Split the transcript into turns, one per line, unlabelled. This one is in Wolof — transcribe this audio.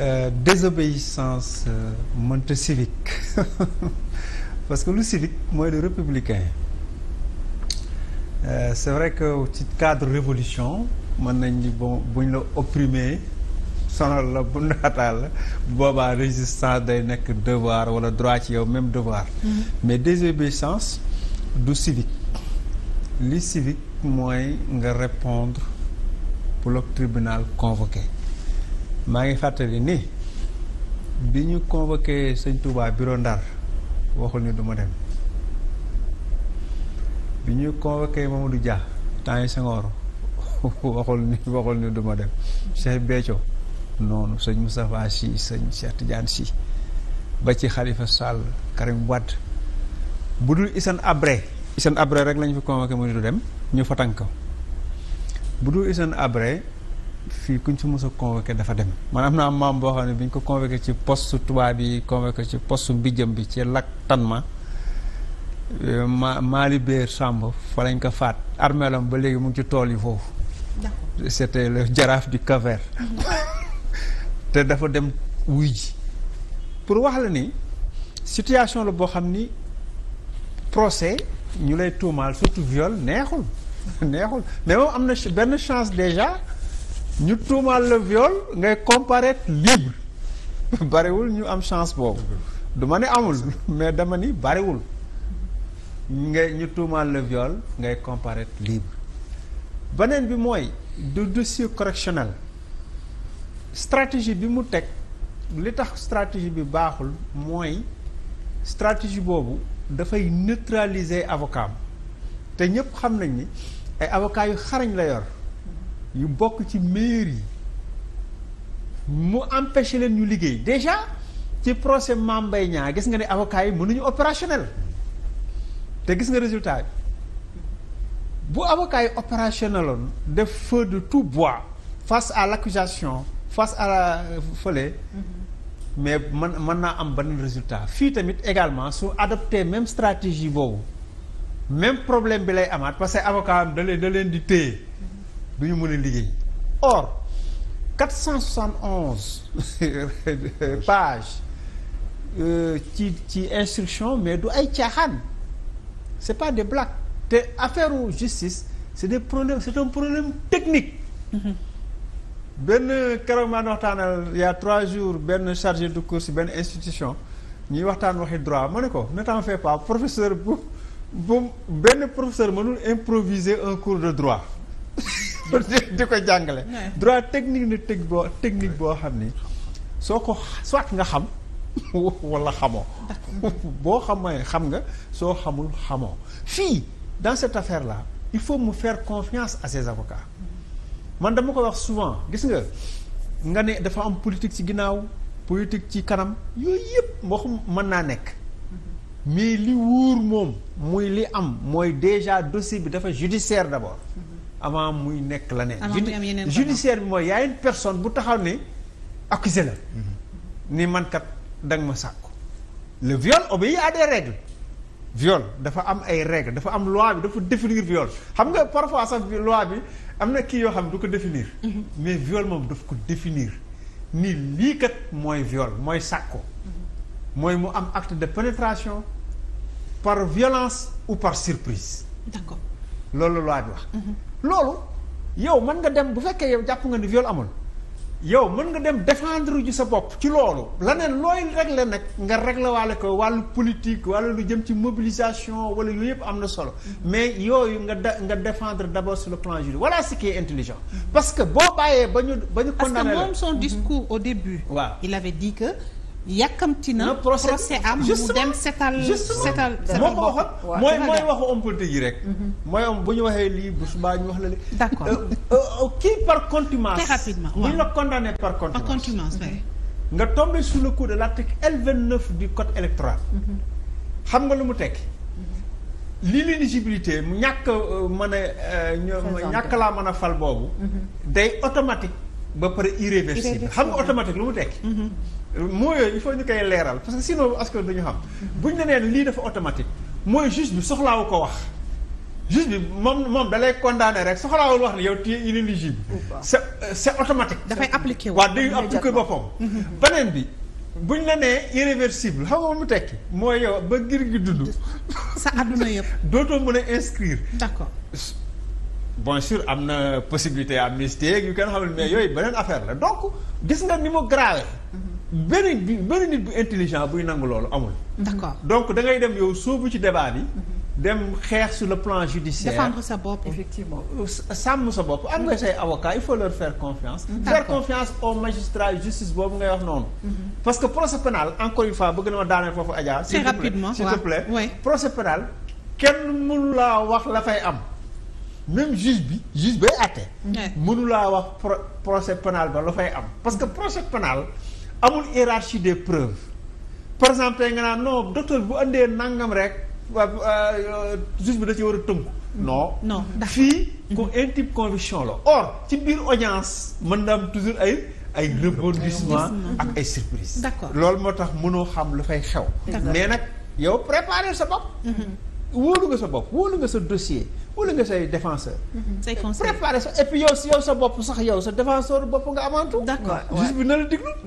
Euh, désobéissance euh, mënta civique parce que lu civique mooy le républicain euh, c'est vrai que ci cadre révolution mën nañ ni bon buñ la opprimer sonal la bu naataal la boobaa résistance day nekk devoir wala droit ci yow même devoir mm mais désobéissance du civique li civique mooy nga répondre pour tribunal convoqué maa ngi fàttali ni bi ñu convoqué sëñ tubaa bureau Ndar waxul ni duma dem bi ñu convoqué Mamadou Dia temps yi Senghor waxul ni waxul ni duma dem Cheikh Béthio noonu sëñ Moustapha Sy sëñ Cheikh Tidiane Sy ba ci xalifa Sall Karim Wade bu dul Hissène Habré Hissène Habré rek lañ fi convoqué mu ni du dem ñu fatank bu dul Hissène Habré fii ku kuñ fi mos a convoqué dafa dem man am naa maam boo xam ne bi ñu ko convoqué ci su tubaab yi convoqué ci poste mbijam bi ci lak tanma euh, ma maali béer sàmb fa lañ ko faat armeelam ba léegi mu ngi ci tool yi foofu c'était le jaraaf du cap mhm. te dafa dem wuy ji pour wax la ni situation la boo xam ni procès ñu lay tuumaal surtout viol neexul neexul mais moom am na benn chance déjà ñu tuumaal le viol ngay comparaître libre bariwul ñu am chance boobu du ma ne amul mais dama ni bariwul ngay ñu tuumaal le viol ngay comparaître libre beneen bi mooy du dossier correctionnel stratégie bi mu teg li tax stratégie bi baaxul mooy stratégie boobu dafay neutraliser avocam te ñëpp xam nañ ni ay avocats yu xarañ la yor yu bokk ci mairie yi mu empêché leen ñu liggéey déjà ci procès Mame Mbaye gis nga ne avocats yi mënuñu opérationnel te gis nga résultat bi bu avocats yi opérationnel def feu de tout bois face à l'accusation face à la euh, fële
mm-hmm.
mais man mën naa am benn résultat fii tamit également su adopté même stratégie boobu même problème bi lay amaat parce que avocat da leen da leen di téye du ñu mën a liggéey or 471 pages euh, ci ci instruction mais du ay caaxaan c'est pas des blagues te affaire u justice c'est des problèmes c'est un problème technique mhm. benn keroog maa waxtaanal y trois jours benn chargé de cours si benn institution ñuy waxtaan waxi droit ma ne ko ne t'en fais pas professeur bu bu benn professeur mënul improviser un cours de droit pour di ko jàngale droit technique na teg boo technique boo xam ni soo ko soit nga xam walla xamoo boo xamee xam nga soo xamul xamoo fii dans cette affaire là il faut mu faire confiance à ses avocats man dama ko wax souvent gis nga nga ne dafa am politique ci ginnaaw politique ci kanam yooyu yëpp waxum mën naa nekk mm-hmm. mais li wóor moom muy li am mooy déjà dossier bi dafa judiciaire d'abord avant muy nekk la ne judiciaire bi mooy yaa une personne bu taxaw ne accusé la
mhm.
ni man kat da ma sàkku le viol obéit à des dafa am ay règles dafa am loi dafa définir viol xam nga parfois sax bi am na kii yoo xam ne du ko définir mhm. mais viol moom daf ko définir ni lii mooy viol mooy sàkku mhm. mooy mu am acte de pénétration par violence ou par surprise d'accord loolu loi bi wax loolu yow mën nga dem bu fekkee yow jàpp nga ni viol amul yow mën nga dem défendre ju sa bopp ci loolu leneen looy régler nag nga régler waale ko wàllu politique wala lu jëm ci mobilisation wala yooyu yëpp am na solo mais yooyu nga da nga défendre d'abord sur le plan juridique voilà ce qui intelligent parce que boo bàyyee ba ñu ba ñu condamné parce que moom son mhm. discours au début waaw il avait dit que yàkkamti na procès am mu dem setal setal moom ma waxoon mooy mooy waxu homme politique yi rek mhm. mooy am bu ñu waxee lii bu subaa ñu wax la li d'accord euh, euh, euh, kii par contumace très rapidement bu ñu la condamné par contumace mhm. nga tombé sous le coup de l'article L29 du code électoral mhm. xam nga lu mu tekki l'éligibilité mu ñàkk mën a ñàkk laa mën a fal boobu day automatique ba pare irréversible xam nga automatique lu mu tekki
mm-hmm.
moo yooyu il faut ñu koy leeral parce que sinon askan duñu xam mm-hmm. buñ ne neen lii dafa automatique mooy juge bi soxlaawu ko wax juge bi moom moom dalay condamné rek soxlaawul wax ne yow tu es inéligible c'est euh, c'est automatique dafay appliqué waaw day appliqué boppam mm-hmm. beneen bi ñu la nee irréversible xam nga mu tekki mooy yow ba ngir gi dund sa àdduna yëpp dootoo mën a inscrire d'accord bon sûr am na possibilité amnistie yu kenn xamul mais yooyu beneen affaire la donc gis nga ni mu grave benn bi benn nit bu intelligent buy nangu loolu amul. d'accord donc da ngay dem yow sóobu ci débat bi. dem xeex sur le plan judiciaire défendre sa bopp effectivement. Euh, sàmm sa bopp am nga say avocat il faut leur faire confiance. faire confiance au magistrat justice boobu ngay wax noonu. Mhm. parce que procès pénal encore une fois bëgg na ma daaneel foofu Adja. si rapidement s'il te plaît s'il te plaît procès pénal kenn mënu laa wax la fay am. même juge bi juge bay àtte mënulaa wax pro procès pénal ba lu fay am parce que procès pénal amul hiérarchie des preuves par exemple tey nga naan non docteur bu andee nangam rek euh, juge bi da ci war a tënku no non fii ku intime conviction la or ci biir audience mën na am toujours ay ay rebondissement ak ay surprise loolu moo tax mënoo xam lu fay xew mais nag yow préparer sa bopp mm-hmm. wóolu nga sa bopp wóolu nga sa dossier wóolu nga say défenseur. Mm-hmm. say
conseil préparé sa et puis yow yow sa bopp sax yow sa défenseur bopp nga amantu. d'accord juge bi na la déglu.